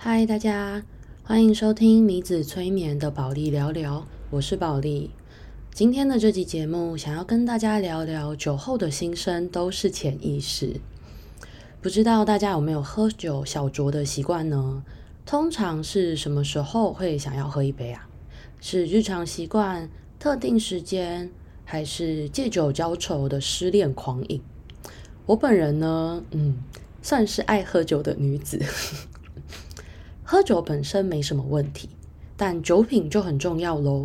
嗨，Hi, 大家歡迎收聽謎子催眠的 Polly 聊聊，我是 Polly。今天的這集節目，想要跟大家聊聊酒後的心聲都是潛意識。不知道大家有沒有喝酒小酌的習慣呢？通常是什麼時候會想要喝一杯啊？是日常習慣、特定時間，還是借酒澆愁的失戀狂飲？我本人呢，嗯，算是愛喝酒的女子。喝酒本身沒什麼問題，但酒品就很重要嘍。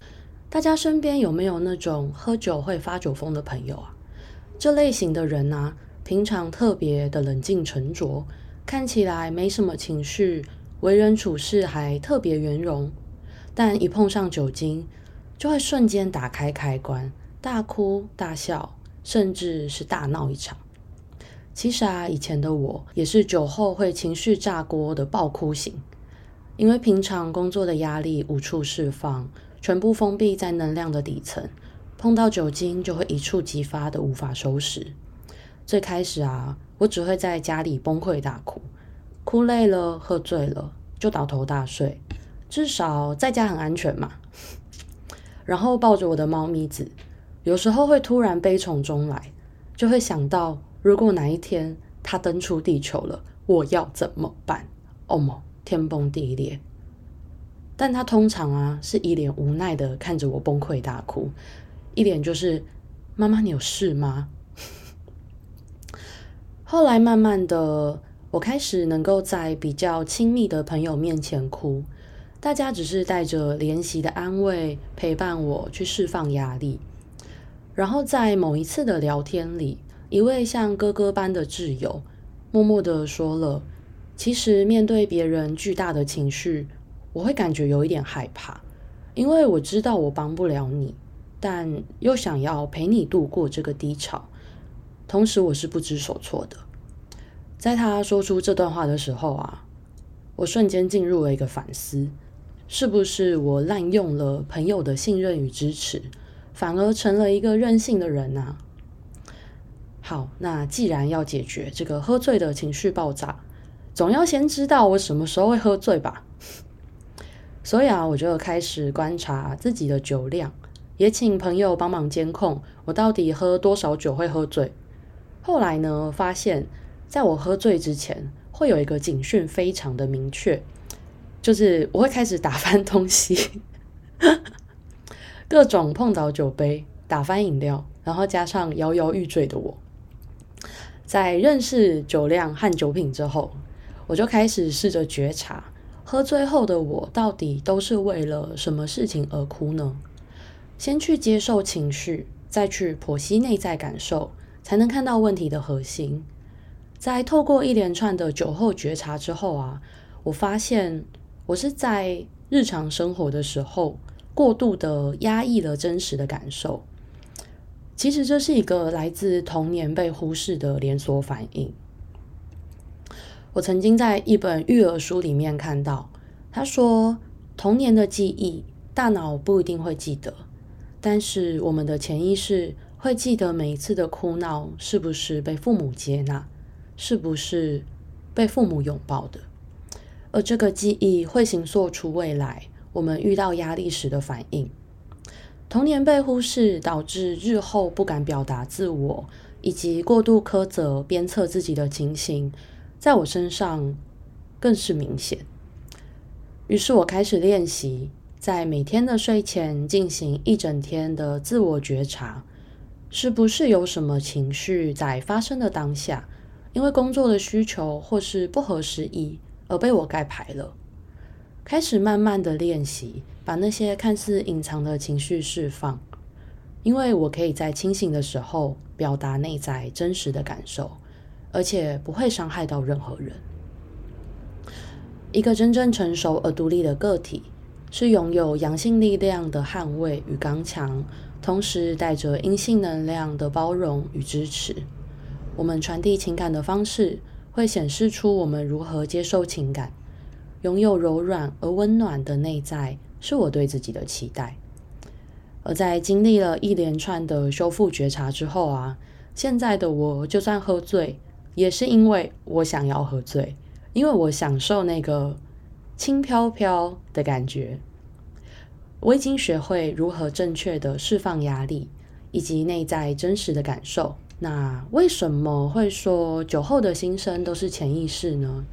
大家身邊有沒有那種喝酒會發酒瘋的朋友啊？這類型的人啊，平常特別的冷靜沉着，看起來沒什麼情緒，為人處事還特別圓融，但一碰上酒精，就會瞬間打開開關，大哭大笑，甚至是大鬧一場。其實啊，以前的我也是酒後會情緒炸鍋的爆哭型。因為平常工作的壓力無處釋放，全部封閉在能量的底層，碰到酒精就會一觸即發的無法收拾。最開始啊，我只會在家裡崩潰大哭，哭累了喝醉了就倒頭大睡，至少在家很安全嘛。然後抱着我的貓咪子，有時候會突然悲從中來，就會想到如果哪一天它登出地球了，我要怎麼辦？哦莫。天崩地裂，但他通常啊是一臉無奈的看着我崩潰大哭，一臉就是媽媽，你有事嗎？ 後來慢慢的，我開始能夠在比較親密的朋友面前哭，大家只是帶着憐惜的安慰陪伴我去釋放壓力。然後在某一次的聊天裡，一位像哥哥般的摯友默默的說了。其實面對別人巨大的情緒，我會感覺有一點害怕，因為我知道我幫不了你，但又想要陪你度過這個低潮。同時，我是不知所措的。在他說出這段話的時候啊，我瞬間進入了一個反思，是不是我濫用了朋友的信任與支持，反而成了一個任性的人啊？好，那既然要解決這個喝醉的情緒爆炸。總要先知道我什麼時候會喝醉吧，所以啊，我就開始觀察自己的酒量，也請朋友幫忙監控我到底喝多少酒會喝醉。後來呢，發現在我喝醉之前，會有一個警訊非常的明確，就是我會開始打翻東西， 各種碰倒酒杯、打翻飲料，然後加上搖搖欲醉的我。在認識酒量和酒品之後。我就開始試着覺察，喝醉後的我到底都是為了什麼事情而哭呢？先去接受情緒，再去剖析內在感受，才能看到問題的核心。在透過一連串的酒後覺察之後啊，我發現我是在日常生活的時候過度的壓抑了真實的感受。其實這是一個來自童年被忽視的連鎖反應。我曾經在一本育兒書裡面看到，他說，童年的記憶，大腦不一定會記得，但是我們的潛意識會記得每一次的哭鬧是不是被父母接納，是不是被父母擁抱的，而這個記憶會形塑出未來我們遇到壓力時的反應。童年被忽視導致日後不敢表達自我，以及過度苛責鞭策自己的情形。在我身上更是明顯。於是我開始練習，在每天的睡前進行一整天的自我覺察，是不是有什麼情緒在發生的當下，因為工作的需求或是不合時宜而被我蓋牌了？開始慢慢的練習，把那些看似隱藏的情緒釋放，因為我可以在清醒的時候表達內在真實的感受。而且不會傷害到任何人。一個真正成熟而獨立的個體，是擁有陽性力量的捍衛與剛強，同時帶着陰性能量的包容與支持。我們傳遞情感的方式，會顯示出我們如何接受情感。擁有柔軟而溫暖的內在，是我對自己的期待。而在經歷了一連串的修復覺察之後啊，現在的我就算喝醉，也是因為我想要喝醉，因為我享受那個輕飄飄的感覺。我已經學會如何正確的釋放壓力，以及內在真實的感受。那為什麼會說酒後的心聲都是潛意識呢？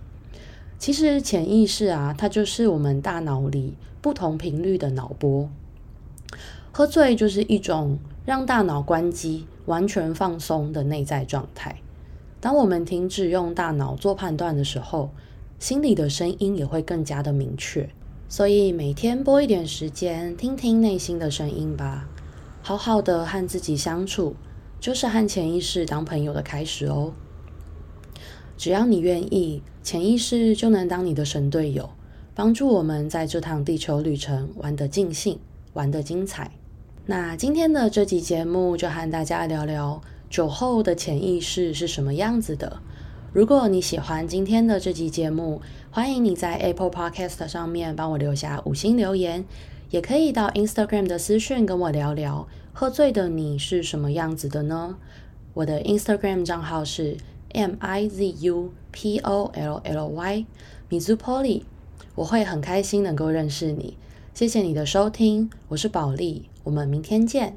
其實潛意識啊，它就是我們大腦裡不同頻率的腦波。喝醉就是一種讓大腦關機、完全放鬆的內在狀態。當我們停止用大腦做判斷的時候，心裡的聲音也會更加的明確。所以每天撥一點時間，聽聽內心的聲音吧，好好的和自己相處，就是和潛意識當朋友的開始哦。只要你願意，潛意識就能當你的神隊友，幫助我們在這趟地球旅程玩得盡興，玩得精彩。那今天的這集節目就和大家聊聊。酒後的潛意識是什麼樣子的？如果你喜歡今天的這期節目，歡迎你在 Apple Podcast 上面幫我留下五星留言，也可以到 Instagram 的私訊跟我聊聊，喝醉的你是什麼樣子的呢？我的 Instagram 賬號是 M I Z U P O L L Y Mizu Polly，我會很開心能夠認識你。謝謝你的收聽，我是保利，我們明天見。